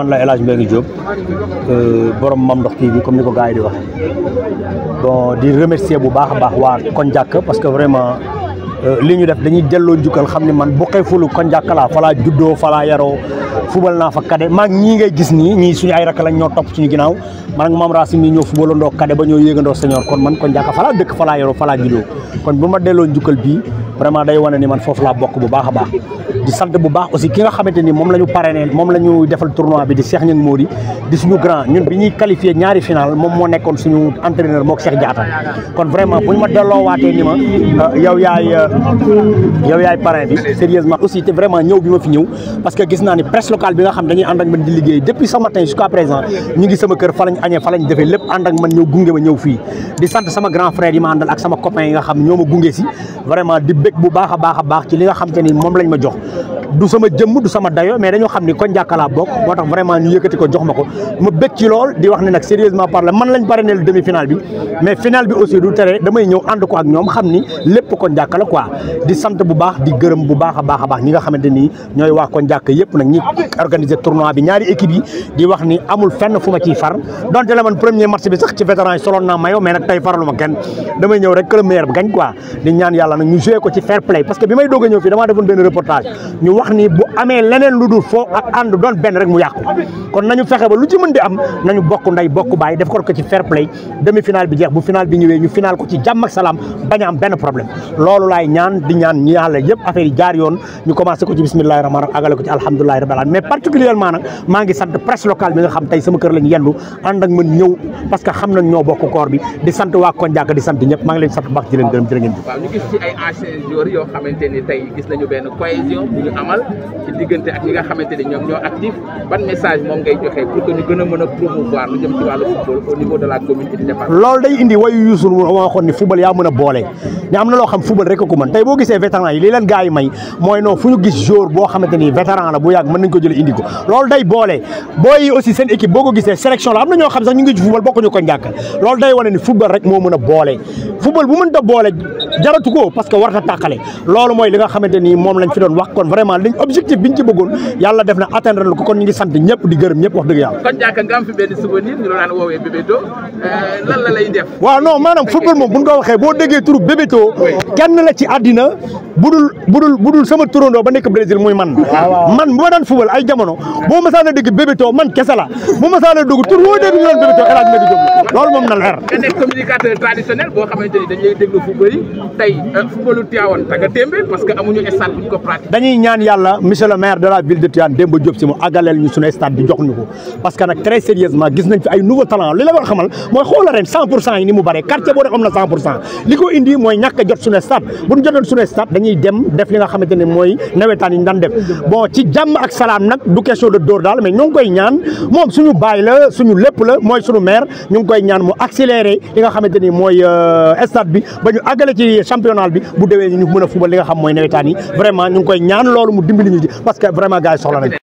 man la elage mbegi job euh borom mam dox TV comme niko gaay di wax bon di remercier bu baax a baax waa Kondiak parce que vraiment euh liñu def dañuy delo jukal xamni man bokkee fulu kon jakk la fala juddo fala yaro yaroo fubal naa fa kadé mak ñi ngay gis ni ñi suñu ay rak la ñoo top suñu ginaaw man ak mam Racine nii ñoo ndo kade ba ñoo yéegandoo senior kon man kon jakk fala dekk fala yaro fala juddo kon buma delo jukal bi vraiment day wone ni man fofu la bokku bu baax baax di sante bu baax aussi ki nga xamanteni mom lañu la ñu parrainé moom la ñu defal tournoi bi di Cheikh Niang modi di suñu grand ñun bi ñuy qualifié ñaari final mom mo nekkon suñu entraîneur mok Cheikh Diatta kon vraiment bu ma delo waté ni ma euh, yow yaay euh, yow yaay parrain bi sérieusement aussi té vraiment ñew bima fi ñew parce que gis na ni presse locale bi nga xam dañuy and ak man di liggéey depuis ce matin jusqu'à présent ñi ngi sama kër fa lañ agné fa lañ défé lepp and ak man ñew gungé ma ñew fi di sante sama grand frère yi ma andal ak sama copain yi nga xam ñoma gungé gunge si vraiment di bég bu baaxa baaxa baax ci li nga xam te ni moom lañ ma jox du sama jëm du sama dayo mais dañu xamni ko ñaka la bok motax vraiment ñu yëkëti ko jox mako mu ma ci lool di wax ni nak sérieusement parler man lañ bari neel demi finale bi mais finale bi aussi du téré damay ñëw and ko ak ñom xamni lepp ko ñaka la quoi di sante bu baax di gërëm bu baaxa baaxa baax ñi nga xamanteni ñoy ñooy ko koñ jàkka yëpp nag ñi organiser tournoi bi ñaari équipe yi di wax ni amul fenn fuma ci far donte la man premier match bi sax ci vétéran solo na mayo mais nak tay faralu ma kenn damay ñëw rek que le meilleur gagne quoi di ñaan yalla nak ñu jouer ko ci fair play parce que bi may doga ñëw fi dama defon ben reportage ñu wax ni bu amé leneen lu dul foo ak and doon ben rek mu yàqu kon nañu fexé ba lu ci mënd di am nañu bokk nday bokk bay def ko ko ci fair play demi final bi jeex bu final bi ñëwé ñu final ko ci jamm ak salam baña am ben problème loolu lay ñaan di ñaan ñi yàlla yépp affaire yi jaar yoon ñu commencé ko ci bismillahir rahmanir rahim agalé ko ci alhamdulilahi rabbil alamin mais particulièrement nak ma ngi sante presse locale bi nga xam tay sama kër lañu yendu and ak man ñëw parce que xam nañ ñoo bokk koor bi di wa waa Kondiaka di sante ñëpp ma ngi leen sante bax di leen gërëm jërë waaw ñu gis ci ay ancien joueur yo xamanteni tay gis nañu ben cohésion bu ñu amal ci diggante ne ñoom ñoo actif ban message moom ngay joxe pour que ñu gën a mën a promouvoir lu loolu day indi wayu yuusul wu ma ni football yaa mën a boole ne am na loo xam football rek ko mën tey boo gisee vétéran yi lii leen gars yi may mooy non fu ñu gis jour boo xamante ni vétéran la bu yàgg mën nañ ko jëlee indi ko loolu day boole booy aussi seen équipe boo ko gisee sélection la am na ñoo xam sax ñu ngi ci football bokkuñu ko njàkk loolu day wane ni football rek moo mën a boole football bu mën ta boole jaratu ko parce que war ta tàqale li nga xamante ni moom lañ fi doon wax kon vraiment liñ objectif biñ ci bëggoon yalla def na atteindre na ko kon ñi ngi sante ñepp di gërëm ñepp wax dëgg yalla kon jaaka nga am fi benn souvenir ñu la daan woowee euh lan la lay def wa non manam football mom buñ ko waxé bo déggé turu bébéto kenn la ci adina budul budul budul sama turandoo ba nek Brésil muy man ah, man bu ma daan football ay jamono bo ma saana dégg bébéto man kessa la bu ma saana dugg tur wo dégg ñu doon bébéto El Hadj Nabi Diop loolu moom na leer nga nekk communicateur traditionnel bo xamanteni dañ lay déglu fu bëri tey euh, footballu Tivaouane taga témbé parce que amuñu stade buñ ko pratique dañuy ñaan yàlla monsieur maire de la ville de Tivaouane Demba Diop Sy mu àggaleel ñu suñu stade bi jox ñu ko parce que nag très sérieusement gis nañ fi ay nouveau talent li la war xamal mooy xoola ren cent mu bare quartier boo def am na cent pour cent jot suñu stade bu ñu jotoon suñu euh, stade bi ñu àggale ci championnat bi bu déwee ñu mën a fubal li nga xam mooy nawetaan yi vraiment ñu ngi koy ñaan ñaan loolu mu dimbali ñu ci parce que vraiment gars yi